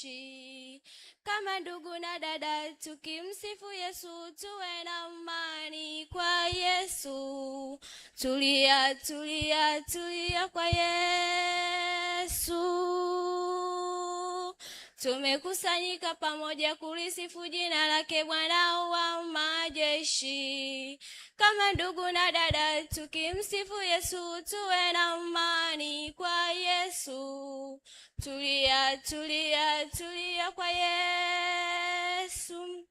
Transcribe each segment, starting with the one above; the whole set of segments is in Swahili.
kuishi kama ndugu na dada, tukimsifu Yesu, tuwe na amani kwa Yesu. Tulia, tulia, tulia kwa Yesu. Tumekusanyika pamoja kulisifu jina lake Bwana wa majeshi kama ndugu na dada, tukimsifu Yesu, tuwe na amani kwa Yesu. Tulia, tulia, tulia kwa Yesu.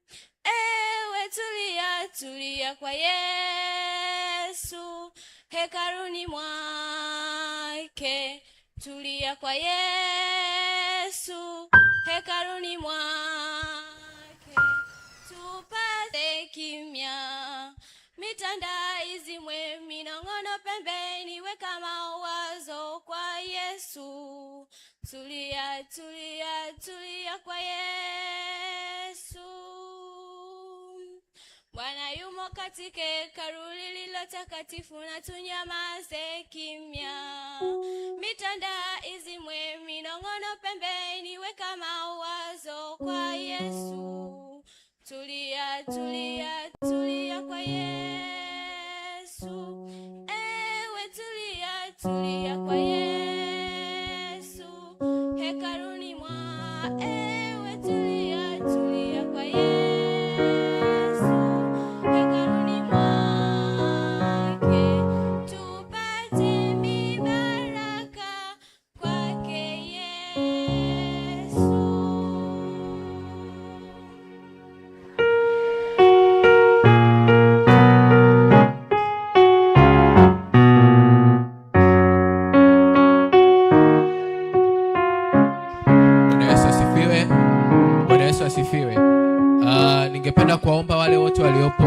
Ewe tulia, tulia kwa Yesu, hekaruni mwake. Tulia kwa Yesu, hekaruni mwake, tupate kimya Mitanda izimwe, minong'ono pembeni, weka mawazo kwa Yesu. Tulia, tulia, tulia kwa Yesu. Bwana yumo katike karu lililo takatifu, na tunyamaze kimya. Mitanda izimwe, minong'ono pembeni, weka mawazo kwa Yesu. Tulia, tulia ningependa kuwaomba wale wote waliopo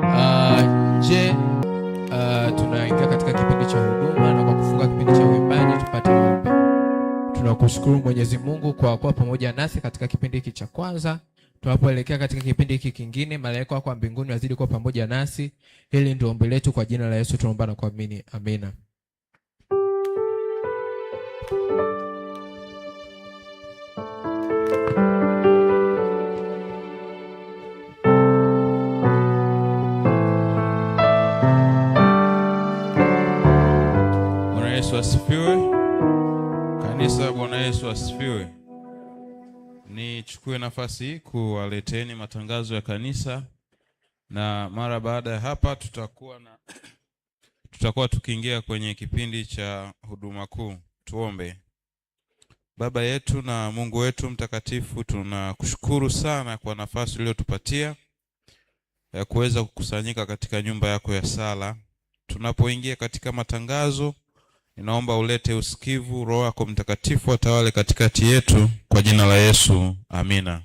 uh, nje. Uh, uh, tunaingia katika kipindi cha huduma na kwa kufunga kipindi cha uimbaji tupate maombi. Tunakushukuru Mwenyezi Mungu kwa kuwa pamoja nasi katika kipindi hiki cha kwanza tunapoelekea katika kipindi hiki kingine, malaika wako wa mbinguni wazidi kuwa pamoja nasi. Hili ndio ombi letu kwa jina la Yesu tunaomba na kuamini, amina. Yesu asifiwe. Kanisa, Bwana Yesu asifiwe. Nichukue nafasi hii kuwaleteni matangazo ya kanisa, na mara baada ya hapa tutakuwa na tutakuwa tukiingia kwenye kipindi cha huduma kuu. Tuombe. Baba yetu na Mungu wetu mtakatifu, tunakushukuru sana kwa nafasi uliyotupatia ya kuweza kukusanyika katika nyumba yako ya sala. Tunapoingia katika matangazo, Ninaomba ulete usikivu, Roho yako Mtakatifu atawale katikati yetu, kwa jina la Yesu, amina.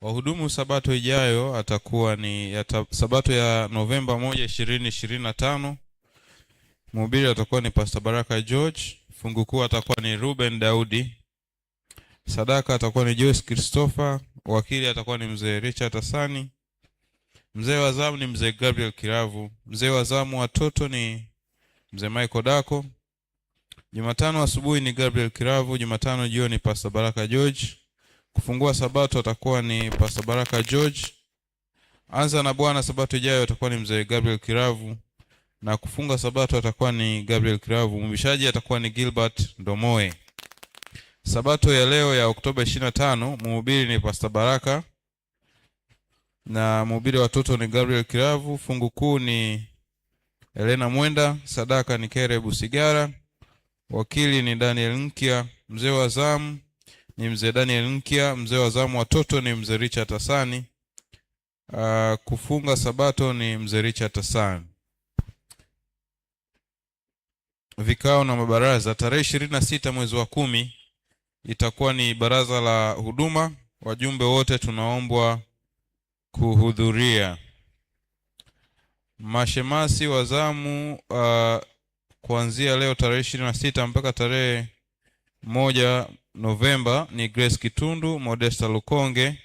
Wahudumu sabato ijayo atakuwa ni ya sabato ya Novemba moja ishirini ishirini na tano. Mhubiri atakuwa ni Pastor Baraka George, fungu kuu atakuwa ni Ruben Daudi. Sadaka atakuwa ni Joyce Christopher, wakili atakuwa ni mzee Richard Asani, mzee wa zamu ni mzee Gabriel Kiravu, mzee wa zamu watoto ni mzee Michael Dako. Jumatano asubuhi ni Gabriel Kiravu, Jumatano jioni Pastor Baraka George. Kufungua sabato atakuwa ni Pastor Baraka George. Anza na Bwana sabato ijayo atakuwa ni mzee Gabriel Kiravu na kufunga sabato atakuwa ni Gabriel Kiravu. Mwishaji atakuwa ni Gilbert Ndomoe. Sabato ya leo ya Oktoba 25, mhubiri ni Pastor Baraka na mhubiri wa watoto ni Gabriel Kiravu. Fungu kuu ni Elena Mwenda, sadaka ni Kerebu Sigara, wakili ni Daniel Nkia, mzee wa zamu ni mzee Daniel Nkia, mzee wa zamu watoto ni mzee Richard Hasani. Uh, kufunga sabato ni mzee Richard Hasani. Vikao na mabaraza tarehe ishirini na sita mwezi wa kumi itakuwa ni baraza la huduma. Wajumbe wote tunaombwa kuhudhuria. Mashemasi wa zamu uh, kuanzia leo tarehe ishirini na sita mpaka tarehe moja Novemba ni Grace Kitundu, Modesta Lukonge,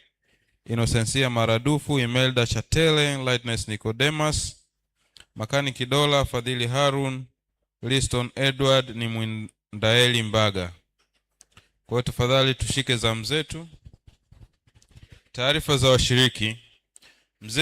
Inosensia Maradufu, Imelda Chatele, Lightness Nicodemus, Makani Kidola, Fadhili Harun, Liston Edward ni Mwindaeli Mbaga. Kwa hiyo tafadhali tushike zamu zetu. Taarifa za washiriki mzee